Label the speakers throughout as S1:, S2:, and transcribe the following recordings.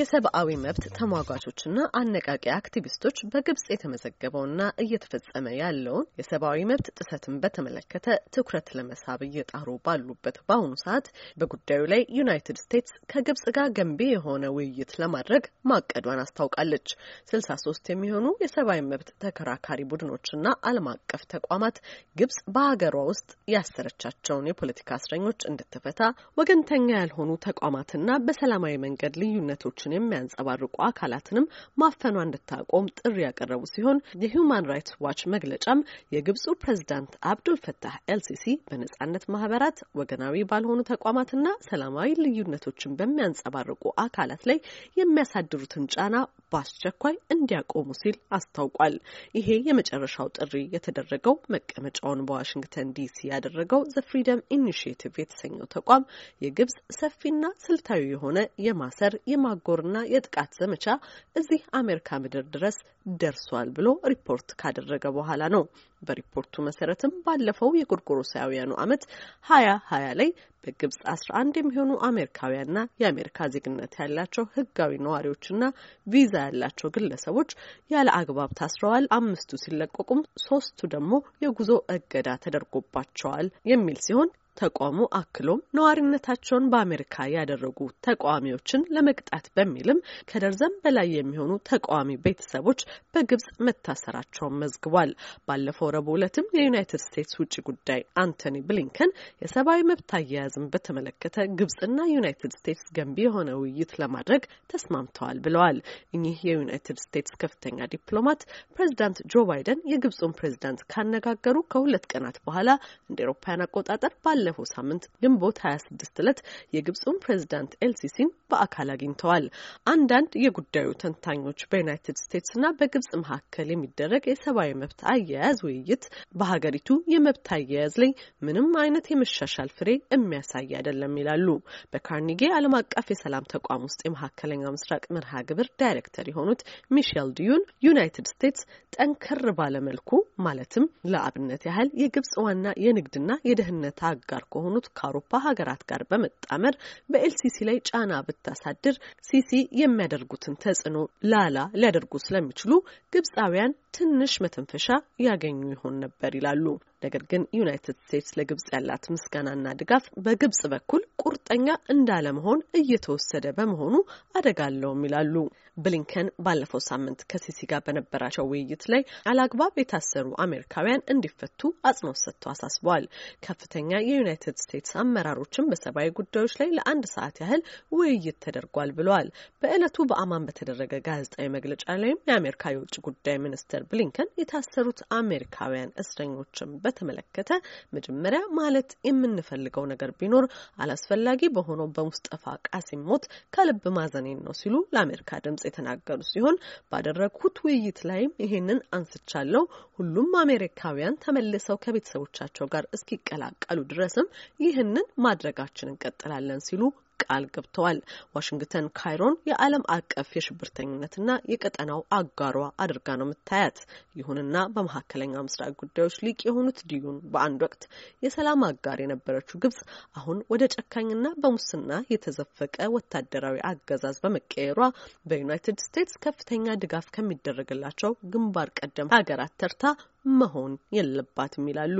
S1: የሰብአዊ መብት ተሟጓቾችና አነቃቂ አክቲቪስቶች በግብጽ የተመዘገበውና እየተፈጸመ ያለውን የሰብአዊ መብት ጥሰትን በተመለከተ ትኩረት ለመሳብ እየጣሩ ባሉበት በአሁኑ ሰዓት በጉዳዩ ላይ ዩናይትድ ስቴትስ ከግብጽ ጋር ገንቢ የሆነ ውይይት ለማድረግ ማቀዷን አስታውቃለች። ስልሳ ሶስት የሚሆኑ የሰብአዊ መብት ተከራካሪ ቡድኖችና ዓለም አቀፍ ተቋማት ግብጽ በሀገሯ ውስጥ ያሰረቻቸውን የፖለቲካ እስረኞች እንድትፈታ ወገንተኛ ያልሆኑ ተቋማትና በሰላማዊ መንገድ ልዩነቶች መብቶችን የሚያንጸባርቁ አካላትንም ማፈኗ እንድታቆም ጥሪ ያቀረቡ ሲሆን የሁማን ራይትስ ዋች መግለጫም የግብፁ ፕሬዚዳንት አብዱል ፈታህ ኤልሲሲ በነጻነት ማህበራት፣ ወገናዊ ባልሆኑ ተቋማትና ሰላማዊ ልዩነቶችን በሚያንጸባርቁ አካላት ላይ የሚያሳድሩትን ጫና በአስቸኳይ እንዲያቆሙ ሲል አስታውቋል። ይሄ የመጨረሻው ጥሪ የተደረገው መቀመጫውን በዋሽንግተን ዲሲ ያደረገው ዘ ፍሪደም ኢኒሽቲቭ የተሰኘው ተቋም የግብጽ ሰፊና ስልታዊ የሆነ የማሰር የማጎርና የጥቃት ዘመቻ እዚህ አሜሪካ ምድር ድረስ ደርሷል ብሎ ሪፖርት ካደረገ በኋላ ነው። በሪፖርቱ መሰረትም ባለፈው የጎርጎሮሳውያኑ ዓመት ሀያ ሀያ ላይ በግብጽ አስራ አንድ የሚሆኑ አሜሪካውያንና የአሜሪካ ዜግነት ያላቸው ህጋዊ ነዋሪዎችና ቪዛ ያላቸው ግለሰቦች ያለ አግባብ ታስረዋል፣ አምስቱ ሲለቀቁም ሶስቱ ደግሞ የጉዞ እገዳ ተደርጎባቸዋል የሚል ሲሆን ተቋሙ አክሎም ነዋሪነታቸውን በአሜሪካ ያደረጉ ተቃዋሚዎችን ለመቅጣት በሚልም ከደርዘን በላይ የሚሆኑ ተቃዋሚ ቤተሰቦች በግብጽ መታሰራቸውን መዝግቧል። ባለፈው ረቡዕ ዕለትም የዩናይትድ ስቴትስ ውጭ ጉዳይ አንቶኒ ብሊንከን የሰብአዊ መብት አያያዝን በተመለከተ ግብጽና ዩናይትድ ስቴትስ ገንቢ የሆነ ውይይት ለማድረግ ተስማምተዋል ብለዋል። እኚህ የዩናይትድ ስቴትስ ከፍተኛ ዲፕሎማት ፕሬዚዳንት ጆ ባይደን የግብጹን ፕሬዚዳንት ካነጋገሩ ከሁለት ቀናት በኋላ እንደ ኤሮፓያን አቆጣጠር ባለ ባለፈው ሳምንት ግንቦት 26 ዕለት የግብፁን ፕሬዚዳንት ኤልሲሲን በአካል አግኝተዋል። አንዳንድ የጉዳዩ ተንታኞች በዩናይትድ ስቴትስና በግብጽ መካከል የሚደረግ የሰብአዊ መብት አያያዝ ውይይት በሀገሪቱ የመብት አያያዝ ላይ ምንም አይነት የመሻሻል ፍሬ የሚያሳይ አይደለም ይላሉ። በካርኒጌ ዓለም አቀፍ የሰላም ተቋም ውስጥ የመካከለኛው ምስራቅ መርሃ ግብር ዳይሬክተር የሆኑት ሚሼል ዲዩን ዩናይትድ ስቴትስ ጠንከር ባለመልኩ ማለትም ለአብነት ያህል የግብጽ ዋና የንግድና የደህንነት ጋር ከሆኑት ከአውሮፓ ሀገራት ጋር በመጣመር በኤልሲሲ ላይ ጫና ብታሳድር ሲሲ የሚያደርጉትን ተጽዕኖ ላላ ሊያደርጉ ስለሚችሉ ግብፃውያን ትንሽ መተንፈሻ ያገኙ ይሆን ነበር ይላሉ። ነገር ግን ዩናይትድ ስቴትስ ለግብጽ ያላት ምስጋናና ድጋፍ በግብጽ በኩል ቁርጠኛ እንዳለመሆን እየተወሰደ በመሆኑ አደጋ አለውም ይላሉ። ብሊንከን ባለፈው ሳምንት ከሲሲ ጋር በነበራቸው ውይይት ላይ አላግባብ የታሰሩ አሜሪካውያን እንዲፈቱ አጽንኦት ሰጥቶ አሳስበዋል። ከፍተኛ የዩናይትድ ስቴትስ አመራሮችም በሰብአዊ ጉዳዮች ላይ ለአንድ ሰዓት ያህል ውይይት ተደርጓል ብለዋል። በዕለቱ በአማን በተደረገ ጋዜጣዊ መግለጫ ላይም የአሜሪካ የውጭ ጉዳይ ሚኒስትር ብሊንከን የታሰሩት አሜሪካውያን እስረኞችን በተመለከተ መጀመሪያ ማለት የምንፈልገው ነገር ቢኖር አላስፈላጊ በሆነው በሙስጠፋ ቃሲም ሞት ከልብ ማዘኔን ነው ሲሉ ለአሜሪካ ድምጽ የተናገሩ ሲሆን ባደረግኩት ውይይት ላይም ይሄንን አንስቻለሁ። ሁሉም አሜሪካውያን ተመልሰው ከቤተሰቦቻቸው ጋር እስኪቀላቀሉ ድረስም ይህንን ማድረጋችን እንቀጥላለን ሲሉ ቃል ገብተዋል። ዋሽንግተን ካይሮን የዓለም አቀፍ የሽብርተኝነትና የቀጠናው አጋሯ አድርጋ ነው የምታያት። ይሁንና በመካከለኛው ምስራቅ ጉዳዮች ሊቅ የሆኑት ዲዩን በአንድ ወቅት የሰላም አጋር የነበረችው ግብጽ አሁን ወደ ጨካኝና በሙስና የተዘፈቀ ወታደራዊ አገዛዝ በመቀየሯ በዩናይትድ ስቴትስ ከፍተኛ ድጋፍ ከሚደረግላቸው ግንባር ቀደም ሀገራት ተርታ መሆን የለባትም ይላሉ።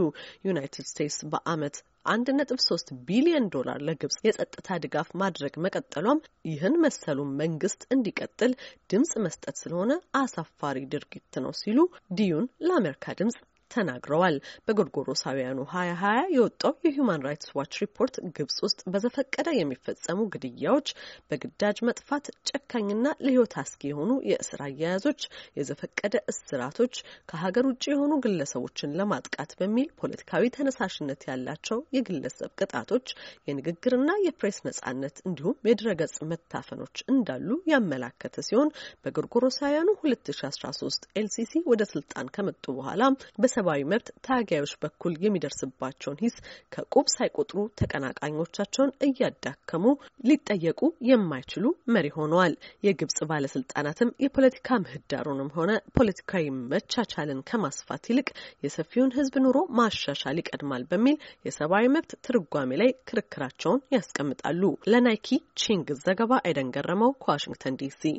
S1: ዩናይትድ ስቴትስ በአመት አንድ ነጥብ ሶስት ቢሊዮን ዶላር ለግብጽ የጸጥታ ድጋፍ ማድረግ መቀጠሏም ይህን መሰሉን መንግስት እንዲቀጥል ድምጽ መስጠት ስለሆነ አሳፋሪ ድርጊት ነው ሲሉ ዲዩን ለአሜሪካ ድምጽ ተናግረዋል። በጎርጎሮሳውያኑ 2020 የወጣው የሁማን ራይትስ ዋች ሪፖርት ግብጽ ውስጥ በዘፈቀደ የሚፈጸሙ ግድያዎች፣ በግዳጅ መጥፋት፣ ጨካኝና ለህይወት አስጊ የሆኑ የእስር አያያዞች፣ የዘፈቀደ እስራቶች፣ ከሀገር ውጭ የሆኑ ግለሰቦችን ለማጥቃት በሚል ፖለቲካዊ ተነሳሽነት ያላቸው የግለሰብ ቅጣቶች፣ የንግግርና የፕሬስ ነጻነት እንዲሁም የድረገጽ መታፈኖች እንዳሉ ያመላከተ ሲሆን በጎርጎሮሳውያኑ 2013 ኤልሲሲ ወደ ስልጣን ከመጡ በኋላ በሰብአዊ መብት ታጋዮች በኩል የሚደርስባቸውን ሂስ ከቁብ ሳይቆጥሩ ተቀናቃኞቻቸውን እያዳከሙ ሊጠየቁ የማይችሉ መሪ ሆነዋል። የግብጽ ባለስልጣናትም የፖለቲካ ምህዳሩንም ሆነ ፖለቲካዊ መቻቻልን ከማስፋት ይልቅ የሰፊውን ህዝብ ኑሮ ማሻሻል ይቀድማል በሚል የሰብአዊ መብት ትርጓሜ ላይ ክርክራቸውን ያስቀምጣሉ። ለናይኪ ቺንግ ዘገባ አይደን ገረመው ከዋሽንግተን ዲሲ